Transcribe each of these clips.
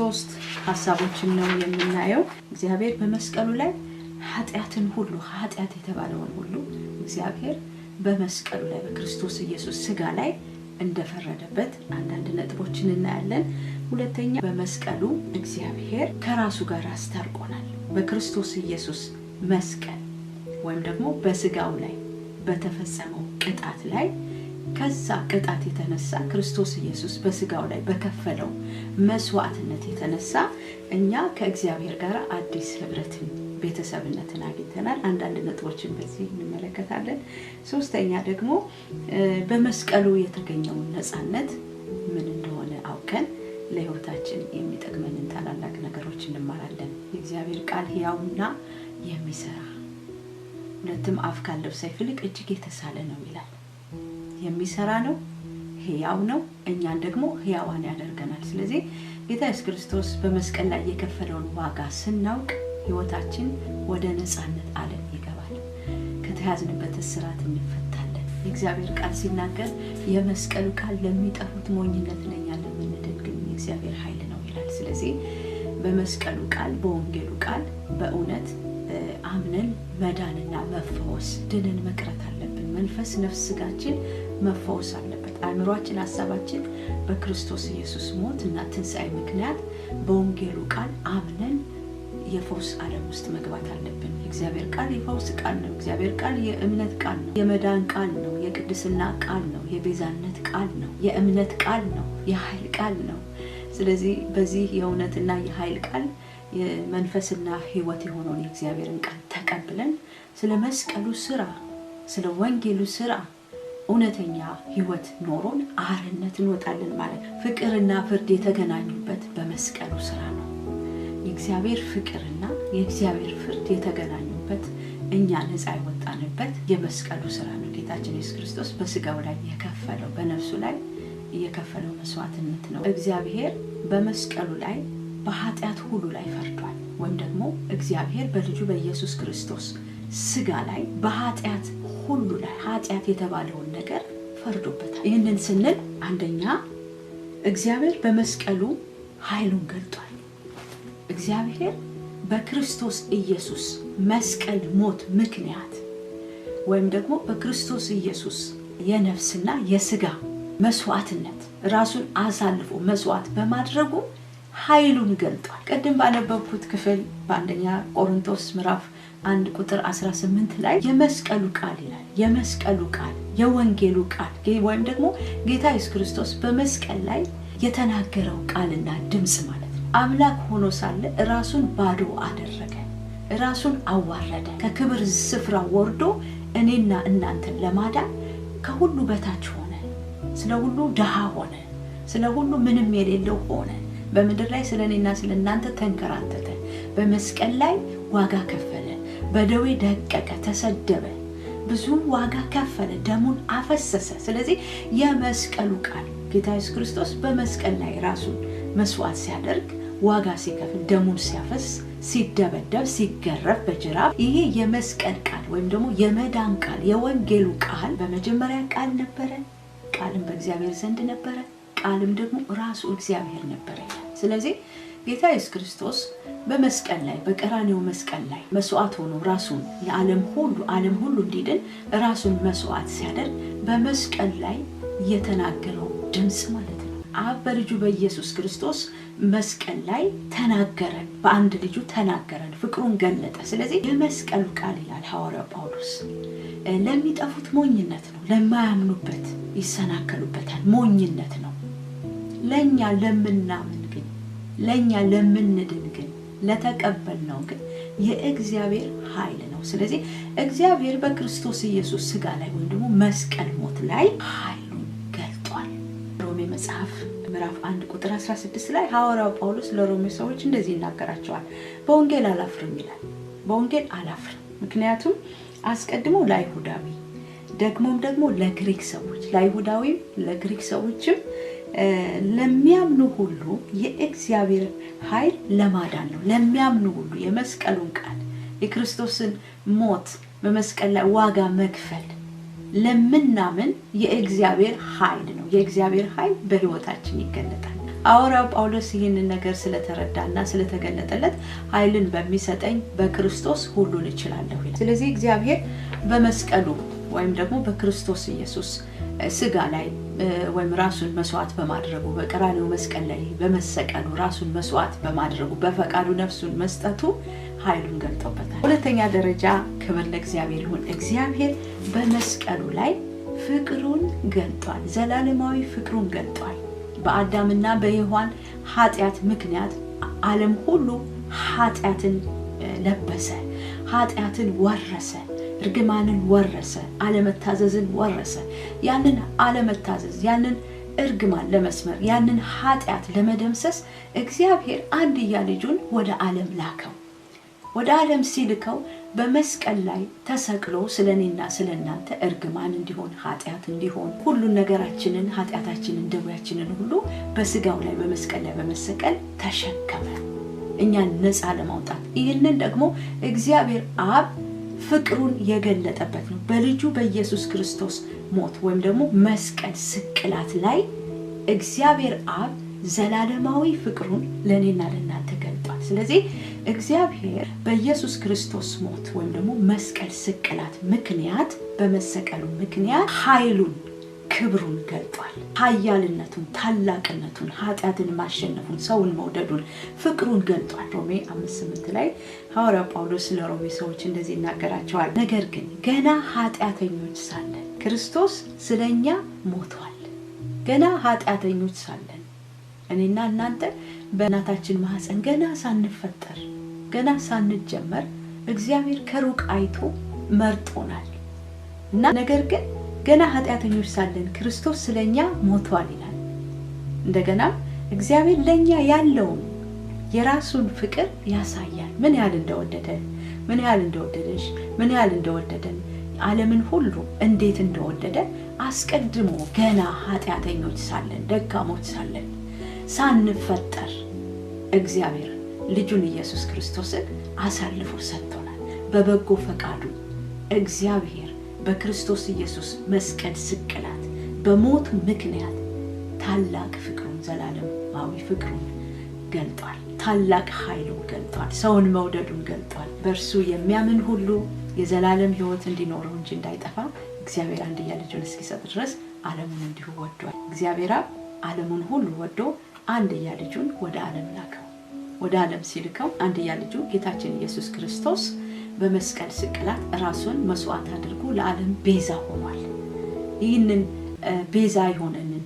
ሶስት ሀሳቦችን ነው የምናየው። እግዚአብሔር በመስቀሉ ላይ ኃጢአትን ሁሉ ኃጢአት የተባለውን ሁሉ እግዚአብሔር በመስቀሉ ላይ በክርስቶስ ኢየሱስ ስጋ ላይ እንደፈረደበት አንዳንድ ነጥቦችን እናያለን። ሁለተኛ በመስቀሉ እግዚአብሔር ከራሱ ጋር አስታርቆናል። በክርስቶስ ኢየሱስ መስቀል ወይም ደግሞ በስጋው ላይ በተፈጸመው ቅጣት ላይ ከዛ ቅጣት የተነሳ ክርስቶስ ኢየሱስ በስጋው ላይ በከፈለው መስዋዕትነት የተነሳ እኛ ከእግዚአብሔር ጋር አዲስ ህብረትን ቤተሰብነትን አግኝተናል። አንዳንድ ነጥቦችን በዚህ እንመለከታለን። ሶስተኛ ደግሞ በመስቀሉ የተገኘውን ነፃነት ምን እንደሆነ አውቀን ለህይወታችን የሚጠቅመንን ታላላቅ ነገሮች እንማራለን። የእግዚአብሔር ቃል ህያውና የሚሰራ ሁለትም አፍ ካለው ሰይፍ እጅግ የተሳለ ነው ይላል። የሚሰራ ነው፣ ህያው ነው፣ እኛን ደግሞ ህያዋን ያደርገናል። ስለዚህ ጌታ ኢየሱስ ክርስቶስ በመስቀል ላይ የከፈለውን ዋጋ ስናውቅ ህይወታችን ወደ ነፃነት ዓለም ይገባል። ከተያዝንበት እስራት እንፈታለን። የእግዚአብሔር ቃል ሲናገር የመስቀሉ ቃል ለሚጠፉት ሞኝነት ለእኛ ለምንድን ግን የእግዚአብሔር ኃይል ነው ይላል። ስለዚህ በመስቀሉ ቃል በወንጌሉ ቃል በእውነት አምነን መዳንና መፈወስ ድንን መቅረት አለ መንፈስ፣ ነፍስ፣ ስጋችን መፈወስ አለበት። አእምሯችን፣ ሀሳባችን በክርስቶስ ኢየሱስ ሞት እና ትንሣኤ ምክንያት በወንጌሉ ቃል አምነን የፈውስ አለም ውስጥ መግባት አለብን። የእግዚአብሔር ቃል የፈውስ ቃል ነው። እግዚአብሔር ቃል የእምነት ቃል ነው። የመዳን ቃል ነው። የቅድስና ቃል ነው። የቤዛነት ቃል ነው። የእምነት ቃል ነው። የኃይል ቃል ነው። ስለዚህ በዚህ የእውነትና የኃይል ቃል የመንፈስና ህይወት የሆነውን የእግዚአብሔርን ቃል ተቀብለን ስለ መስቀሉ ስራ ስለ ወንጌሉ ስራ እውነተኛ ህይወት ኖሮን አርነት እንወጣለን ማለት ነው። ፍቅርና ፍርድ የተገናኙበት በመስቀሉ ስራ ነው። የእግዚአብሔር ፍቅርና የእግዚአብሔር ፍርድ የተገናኙበት እኛ ነፃ የወጣንበት የመስቀሉ ስራ ነው። ጌታችን ኢየሱስ ክርስቶስ በስጋው ላይ የከፈለው በነፍሱ ላይ የከፈለው መስዋዕትነት ነው። እግዚአብሔር በመስቀሉ ላይ በኃጢአት ሁሉ ላይ ፈርዷል። ወይም ደግሞ እግዚአብሔር በልጁ በኢየሱስ ክርስቶስ ስጋ ላይ በኃጢአት ሁሉ ላይ ኃጢአት የተባለውን ነገር ፈርዶበታል። ይህንን ስንል አንደኛ እግዚአብሔር በመስቀሉ ኃይሉን ገልጧል። እግዚአብሔር በክርስቶስ ኢየሱስ መስቀል ሞት ምክንያት ወይም ደግሞ በክርስቶስ ኢየሱስ የነፍስና የስጋ መስዋዕትነት ራሱን አሳልፎ መስዋዕት በማድረጉ ኃይሉን ገልጧል። ቅድም ባነበብኩት ክፍል በአንደኛ ቆሮንቶስ ምዕራፍ አንድ ቁጥር 18 ላይ የመስቀሉ ቃል ይላል። የመስቀሉ ቃል የወንጌሉ ቃል ወይም ደግሞ ጌታ ኢየሱስ ክርስቶስ በመስቀል ላይ የተናገረው ቃልና ድምፅ ማለት ነው። አምላክ ሆኖ ሳለ ራሱን ባዶ አደረገ፣ ራሱን አዋረደ። ከክብር ስፍራ ወርዶ እኔና እናንተን ለማዳን ከሁሉ በታች ሆነ፣ ስለ ሁሉ ድሃ ሆነ፣ ስለ ሁሉ ምንም የሌለው ሆነ በምድር ላይ ስለ እኔና ስለ እናንተ ተንከራተተ፣ በመስቀል ላይ ዋጋ ከፈለ፣ በደዌ ደቀቀ፣ ተሰደበ፣ ብዙ ዋጋ ከፈለ፣ ደሙን አፈሰሰ። ስለዚህ የመስቀሉ ቃል ጌታ የሱስ ክርስቶስ በመስቀል ላይ ራሱን መስዋዕት ሲያደርግ ዋጋ ሲከፍል ደሙን ሲያፈስ ሲደበደብ ሲገረፍ በጅራፍ ይሄ የመስቀል ቃል ወይም ደግሞ የመዳን ቃል የወንጌሉ ቃል በመጀመሪያ ቃል ነበረ፣ ቃልም በእግዚአብሔር ዘንድ ነበረ፣ ቃልም ደግሞ ራሱ እግዚአብሔር ነበረ። ስለዚህ ጌታ ኢየሱስ ክርስቶስ በመስቀል ላይ በቀራኔው መስቀል ላይ መስዋዕት ሆኖ ራሱን የዓለም ሁሉ ዓለም ሁሉ እንዲድን ራሱን መስዋዕት ሲያደርግ በመስቀል ላይ የተናገረው ድምፅ ማለት ነው። አብ በልጁ በኢየሱስ ክርስቶስ መስቀል ላይ ተናገረን፣ በአንድ ልጁ ተናገረን፣ ፍቅሩን ገለጠ። ስለዚህ የመስቀሉ ቃል ይላል ሐዋርያው ጳውሎስ ለሚጠፉት ሞኝነት ነው፣ ለማያምኑበት ይሰናከሉበታል፣ ሞኝነት ነው። ለእኛ ለምናምን ለእኛ ለምንድን ግን ነው ግን የእግዚአብሔር ኃይል ነው። ስለዚህ እግዚአብሔር በክርስቶስ ኢየሱስ ስጋ ላይ ወይም ደግሞ መስቀል ሞት ላይ ኃይሉን ገልጧል። ሮሜ መጽሐፍ ምዕራፍ 1 ቁጥር 16 ላይ ሐዋርያው ጳውሎስ ለሮሜ ሰዎች እንደዚህ ይናገራቸዋል። በወንጌል አላፍርም ይላል። በወንጌል አላፍርም ምክንያቱም አስቀድሞ ለአይሁዳዊ ደግሞም ደግሞ ለግሪክ ሰዎች ለአይሁዳዊም ለግሪክ ሰዎችም ለሚያምኑ ሁሉ የእግዚአብሔር ኃይል ለማዳን ነው። ለሚያምኑ ሁሉ የመስቀሉን ቃል የክርስቶስን ሞት በመስቀል ላይ ዋጋ መክፈል ለምናምን የእግዚአብሔር ኃይል ነው። የእግዚአብሔር ኃይል በሕይወታችን ይገለጣል። አውራው ጳውሎስ ይህንን ነገር ስለተረዳና ስለተገለጠለት ኃይልን በሚሰጠኝ በክርስቶስ ሁሉን እችላለሁ። ስለዚህ እግዚአብሔር በመስቀሉ ወይም ደግሞ በክርስቶስ ኢየሱስ ስጋ ላይ ወይም ራሱን መስዋዕት በማድረጉ በቀራኒው መስቀል ላይ በመሰቀሉ ራሱን መስዋዕት በማድረጉ በፈቃዱ ነፍሱን መስጠቱ ኃይሉን ገልጦበታል። ሁለተኛ ደረጃ ክብር ለእግዚአብሔር ይሁን። እግዚአብሔር በመስቀሉ ላይ ፍቅሩን ገልጧል። ዘላለማዊ ፍቅሩን ገልጧል። በአዳምና በሔዋን ኃጢአት ምክንያት ዓለም ሁሉ ኃጢአትን ለበሰ፣ ኃጢአትን ወረሰ። እርግማንን ወረሰ፣ አለመታዘዝን ወረሰ። ያንን አለመታዘዝ ያንን እርግማን ለመስመር ያንን ኃጢአት ለመደምሰስ እግዚአብሔር አንድያ ልጁን ወደ ዓለም ላከው። ወደ ዓለም ሲልከው በመስቀል ላይ ተሰቅሎ ስለ እኔና ስለ እናንተ እርግማን እንዲሆን ኃጢአት እንዲሆን ሁሉን ነገራችንን ኃጢአታችንን ደዌያችንን ሁሉ በስጋው ላይ በመስቀል ላይ በመሰቀል ተሸከመ እኛን ነፃ ለማውጣት ይህንን ደግሞ እግዚአብሔር አብ ፍቅሩን የገለጠበት ነው። በልጁ በኢየሱስ ክርስቶስ ሞት ወይም ደግሞ መስቀል ስቅላት ላይ እግዚአብሔር አብ ዘላለማዊ ፍቅሩን ለእኔና ለእናንተ ገልጧል። ስለዚህ እግዚአብሔር በኢየሱስ ክርስቶስ ሞት ወይም ደግሞ መስቀል ስቅላት ምክንያት በመሰቀሉ ምክንያት ኃይሉን ክብሩን ገልጧል። ኃያልነቱን፣ ታላቅነቱን፣ ኃጢአትን ማሸነፉን፣ ሰውን መውደዱን፣ ፍቅሩን ገልጧል። ሮሜ አምስት ስምንት ላይ ሐዋርያው ጳውሎስ ስለ ሮሜ ሰዎች እንደዚህ ይናገራቸዋል። ነገር ግን ገና ኃጢአተኞች ሳለን ክርስቶስ ስለ እኛ ሞቷል። ገና ኃጢአተኞች ሳለን እኔና እናንተ በእናታችን ማህፀን ገና ሳንፈጠር ገና ሳንጀመር እግዚአብሔር ከሩቅ አይቶ መርጦናል እና ነገር ግን ገና ኃጢአተኞች ሳለን ክርስቶስ ስለ እኛ ሞቷል ይላል። እንደገና እግዚአብሔር ለእኛ ያለውን የራሱን ፍቅር ያሳያል። ምን ያህል እንደወደደ ምን ያህል እንደወደደሽ ምን ያህል እንደወደደን ዓለምን ሁሉ እንዴት እንደወደደ አስቀድሞ ገና ኃጢአተኞች ሳለን ደካሞች ሳለን ሳንፈጠር እግዚአብሔር ልጁን ኢየሱስ ክርስቶስን አሳልፎ ሰጥቶናል። በበጎ ፈቃዱ እግዚአብሔር በክርስቶስ ኢየሱስ መስቀል ስቅላት በሞት ምክንያት ታላቅ ፍቅሩን ዘላለማዊ ፍቅሩን ገልጧል። ታላቅ ኃይሉን ገልጧል። ሰውን መውደዱን ገልጧል። በእርሱ የሚያምን ሁሉ የዘላለም ሕይወት እንዲኖረው እንጂ እንዳይጠፋ እግዚአብሔር አንድያ ልጁን እስኪሰጥ ድረስ ዓለሙን እንዲሁ ወዷል። እግዚአብሔር አብ ዓለሙን ሁሉ ወዶ አንድያ ልጁን ወደ ዓለም ላከው። ወደ ዓለም ሲልከው አንድያ ልጁ ጌታችን ኢየሱስ ክርስቶስ በመስቀል ስቅላት ራሱን መስዋዕት አድርጎ ለዓለም ቤዛ ሆኗል። ይህንን ቤዛ የሆነንን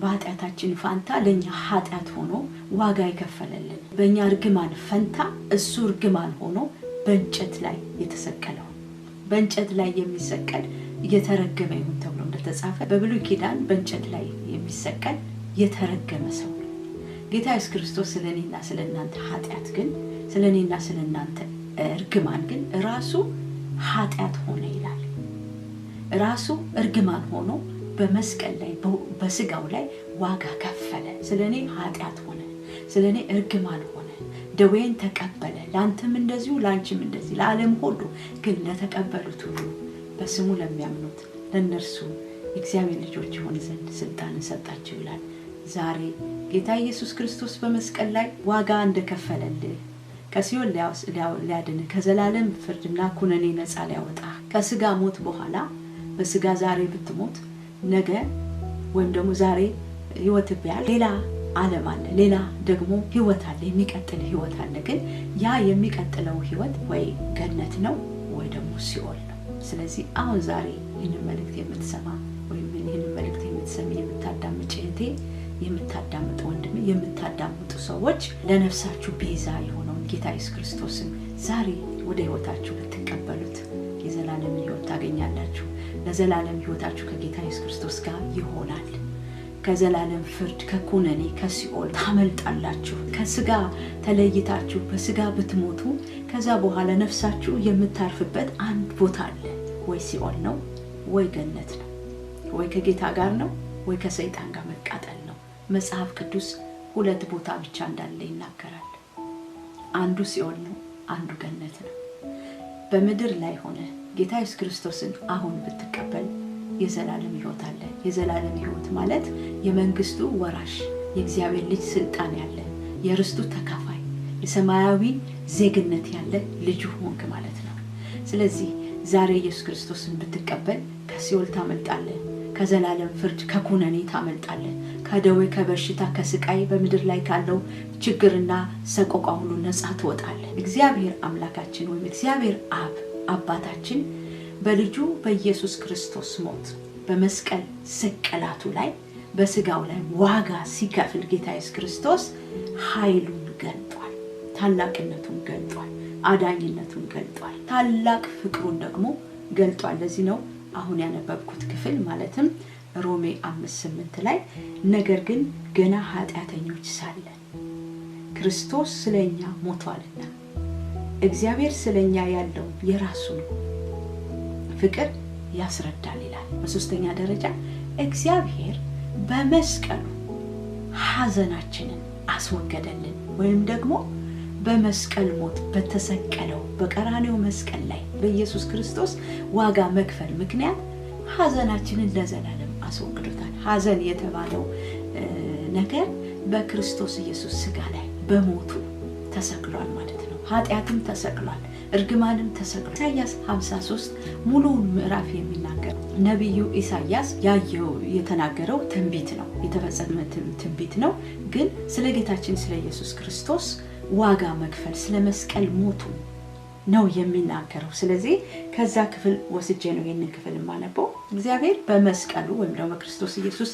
በኃጢአታችን ፋንታ ለእኛ ኃጢአት ሆኖ ዋጋ የከፈለልን በእኛ እርግማን ፈንታ እሱ እርግማን ሆኖ በእንጨት ላይ የተሰቀለው በእንጨት ላይ የሚሰቀል የተረገመ ይሁን ተብሎ እንደተጻፈ በብሉይ ኪዳን በእንጨት ላይ የሚሰቀል የተረገመ ሰው ጌታ ኢየሱስ ክርስቶስ ስለ እኔና ስለ እናንተ ኃጢአት ግን ስለ እኔና ስለ እናንተ እርግማን ግን ራሱ ኃጢአት ሆነ ይላል። ራሱ እርግማን ሆኖ በመስቀል ላይ በስጋው ላይ ዋጋ ከፈለ። ስለ እኔ ኃጢአት ሆነ፣ ስለ እኔ እርግማን ሆነ፣ ደዌን ተቀበለ። ለአንተም እንደዚሁ ለአንቺም እንደዚህ ለዓለም ሁሉ ግን ለተቀበሉት ሁሉ በስሙ ለሚያምኑት ለእነርሱ የእግዚአብሔር ልጆች የሆን ዘንድ ስልጣን ሰጣቸው ይላል። ዛሬ ጌታ ኢየሱስ ክርስቶስ በመስቀል ላይ ዋጋ እንደከፈለልህ ከሲኦል ሊያድንህ ከዘላለም ፍርድና ኩነኔ ነፃ ሊያወጣ ከስጋ ሞት በኋላ በስጋ ዛሬ ብትሞት ነገ ወይም ደግሞ ዛሬ ህይወት ቢያል ሌላ አለም አለ። ሌላ ደግሞ ህይወት አለ፣ የሚቀጥል ህይወት አለ። ግን ያ የሚቀጥለው ህይወት ወይ ገነት ነው ወይ ደግሞ ሲኦል ነው። ስለዚህ አሁን ዛሬ ይህን መልእክት የምትሰማ ወይም ይህን መልእክት የምትሰሚ የምታዳምጭ እህቴ፣ የምታዳምጥ ወንድም፣ የምታዳምጡ ሰዎች ለነፍሳችሁ ቤዛ የሆነው ጌታ ኢየሱስ ክርስቶስን ዛሬ ወደ ህይወታችሁ ብትቀበሉት የዘላለም ህይወት ታገኛላችሁ። ለዘላለም ህይወታችሁ ከጌታ ኢየሱስ ክርስቶስ ጋር ይሆናል። ከዘላለም ፍርድ፣ ከኩነኔ፣ ከሲኦል ታመልጣላችሁ። ከስጋ ተለይታችሁ በስጋ ብትሞቱ ከዛ በኋላ ነፍሳችሁ የምታርፍበት አንድ ቦታ አለ። ወይ ሲኦል ነው፣ ወይ ገነት ነው፣ ወይ ከጌታ ጋር ነው፣ ወይ ከሰይጣን ጋር መቃጠል ነው። መጽሐፍ ቅዱስ ሁለት ቦታ ብቻ እንዳለ ይናገራል። አንዱ ሲኦል ነው፣ አንዱ ገነት ነው። በምድር ላይ ሆነ ጌታ ኢየሱስ ክርስቶስን አሁን ብትቀበል የዘላለም ህይወት አለ። የዘላለም ህይወት ማለት የመንግስቱ ወራሽ የእግዚአብሔር ልጅ ስልጣን ያለ የርስቱ ተካፋይ የሰማያዊ ዜግነት ያለ ልጁ ሆንክ ማለት ነው። ስለዚህ ዛሬ ኢየሱስ ክርስቶስን ብትቀበል ከሲኦል ታመልጣለህ፣ ከዘላለም ፍርድ ከኩነኔ ታመልጣለህ፣ ከደዌ ከበሽታ ከስቃይ በምድር ላይ ካለው ችግርና ሰቆቋ ሁሉ ነፃ ትወጣለ እግዚአብሔር አምላካችን ወይም እግዚአብሔር አብ አባታችን በልጁ በኢየሱስ ክርስቶስ ሞት በመስቀል ስቅላቱ ላይ በስጋው ላይ ዋጋ ሲከፍል ጌታ ኢየሱስ ክርስቶስ ኃይሉን ገልጧል፣ ታላቅነቱን ገልጧል፣ አዳኝነቱን ገልጧል፣ ታላቅ ፍቅሩን ደግሞ ገልጧል። ለዚህ ነው አሁን ያነበብኩት ክፍል ማለትም ሮሜ አምስት ስምንት ላይ ነገር ግን ገና ኃጢአተኞች ሳለን ክርስቶስ ስለ እኛ ሞቷልና እግዚአብሔር ስለ እኛ ያለው የራሱን ፍቅር ያስረዳል ይላል። በሶስተኛ ደረጃ እግዚአብሔር በመስቀሉ ሐዘናችንን አስወገደልን ወይም ደግሞ በመስቀል ሞት በተሰቀለው በቀራኔው መስቀል ላይ በኢየሱስ ክርስቶስ ዋጋ መክፈል ምክንያት ሐዘናችንን ለዘላለ አስወግዶታል። ሀዘን የተባለው ነገር በክርስቶስ ኢየሱስ ስጋ ላይ በሞቱ ተሰቅሏል ማለት ነው። ኃጢአትም ተሰቅሏል፣ እርግማንም ተሰቅሏል። ኢሳያስ 53 ሙሉውን ምዕራፍ የሚናገር ነቢዩ ኢሳያስ ያየው የተናገረው ትንቢት ነው፣ የተፈጸመ ትንቢት ነው። ግን ስለ ጌታችን ስለ ኢየሱስ ክርስቶስ ዋጋ መክፈል ስለ መስቀል ሞቱ ነው የሚናገረው። ስለዚህ ከዛ ክፍል ወስጄ ነው ይህንን ክፍል የማነበው። እግዚአብሔር በመስቀሉ ወይም ደግሞ በክርስቶስ ኢየሱስ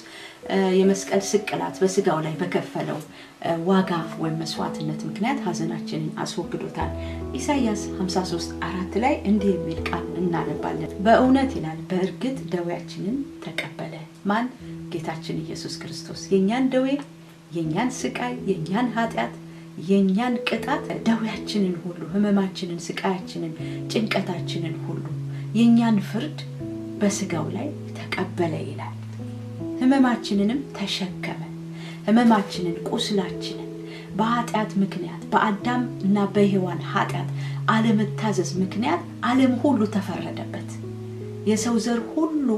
የመስቀል ስቅላት በስጋው ላይ በከፈለው ዋጋ ወይም መስዋዕትነት ምክንያት ሀዘናችንን አስወግዶታል። ኢሳይያስ 53 አራት ላይ እንዲህ የሚል ቃል እናነባለን። በእውነት ይላል በእርግጥ ደዌያችንን ተቀበለ። ማን? ጌታችን ኢየሱስ ክርስቶስ የእኛን ደዌ፣ የእኛን ስቃይ፣ የእኛን ኃጢአት የእኛን ቅጣት ደዌያችንን ሁሉ፣ ህመማችንን፣ ስቃያችንን፣ ጭንቀታችንን ሁሉ የእኛን ፍርድ በስጋው ላይ ተቀበለ ይላል። ህመማችንንም ተሸከመ። ህመማችንን፣ ቁስላችንን በኃጢአት ምክንያት በአዳም እና በሔዋን ኃጢአት አለመታዘዝ ምክንያት አለም ሁሉ ተፈረደበት። የሰው ዘር ሁሉ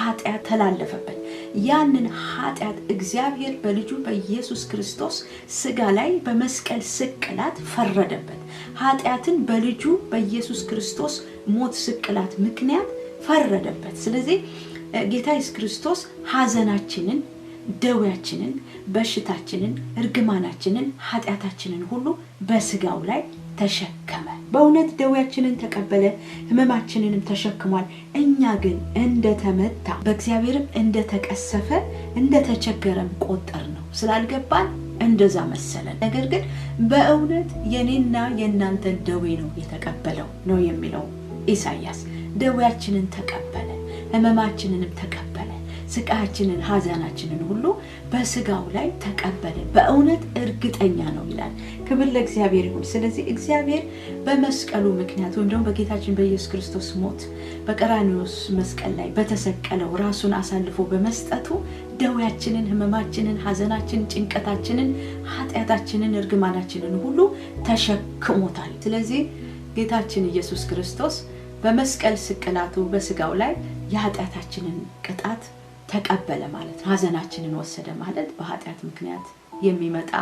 ኃጢአት ተላለፈበት። ያንን ኃጢአት እግዚአብሔር በልጁ በኢየሱስ ክርስቶስ ስጋ ላይ በመስቀል ስቅላት ፈረደበት። ኃጢአትን በልጁ በኢየሱስ ክርስቶስ ሞት ስቅላት ምክንያት ፈረደበት። ስለዚህ ጌታ ኢየሱስ ክርስቶስ ሐዘናችንን ደዌያችንን፣ በሽታችንን፣ እርግማናችንን፣ ኃጢአታችንን ሁሉ በስጋው ላይ ተሸከመ። በእውነት ደዌያችንን ተቀበለ፣ ህመማችንንም ተሸክሟል። እኛ ግን እንደተመታ በእግዚአብሔርም እንደተቀሰፈ እንደተቸገረም ቆጠር ነው። ስላልገባን እንደዛ መሰለን። ነገር ግን በእውነት የኔና የእናንተን ደዌ ነው የተቀበለው ነው የሚለው ኢሳያስ። ደዌያችንን ተቀበለ፣ ህመማችንንም ተቀበለ ስቃያችንን፣ ሀዘናችንን ሁሉ በስጋው ላይ ተቀበለ። በእውነት እርግጠኛ ነው ይላል። ክብር ለእግዚአብሔር ይሁን። ስለዚህ እግዚአብሔር በመስቀሉ ምክንያት ወይም ደግሞ በጌታችን በኢየሱስ ክርስቶስ ሞት በቀራኒዎስ መስቀል ላይ በተሰቀለው ራሱን አሳልፎ በመስጠቱ ደዌያችንን፣ ህመማችንን፣ ሀዘናችንን ጭንቀታችንን፣ ኃጢአታችንን፣ እርግማናችንን ሁሉ ተሸክሞታል። ስለዚህ ጌታችን ኢየሱስ ክርስቶስ በመስቀል ስቅላቱ በስጋው ላይ የኃጢአታችንን ቅጣት ተቀበለ ማለት ነው። ሀዘናችንን ወሰደ ማለት በኃጢአት ምክንያት የሚመጣ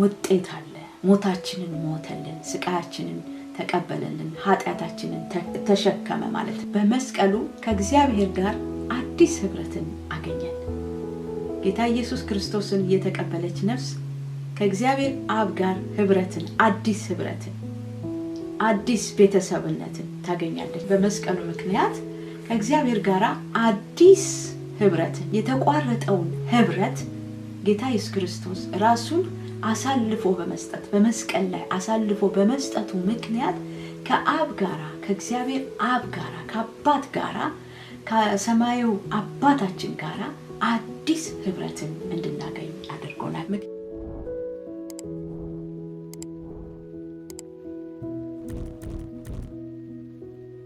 ውጤት አለ። ሞታችንን ሞተልን፣ ስቃያችንን ተቀበለልን፣ ኃጢአታችንን ተሸከመ ማለት ነው። በመስቀሉ ከእግዚአብሔር ጋር አዲስ ህብረትን አገኘን። ጌታ ኢየሱስ ክርስቶስን የተቀበለች ነፍስ ከእግዚአብሔር አብ ጋር ህብረትን፣ አዲስ ህብረትን፣ አዲስ ቤተሰብነትን ታገኛለች። በመስቀሉ ምክንያት ከእግዚአብሔር ጋር አዲስ ህብረት የተቋረጠውን ህብረት ጌታ ኢየሱስ ክርስቶስ ራሱን አሳልፎ በመስጠት በመስቀል ላይ አሳልፎ በመስጠቱ ምክንያት ከአብ ጋራ ከእግዚአብሔር አብ ጋራ ከአባት ጋራ ከሰማዩ አባታችን ጋራ አዲስ ህብረትን እንድናገኝ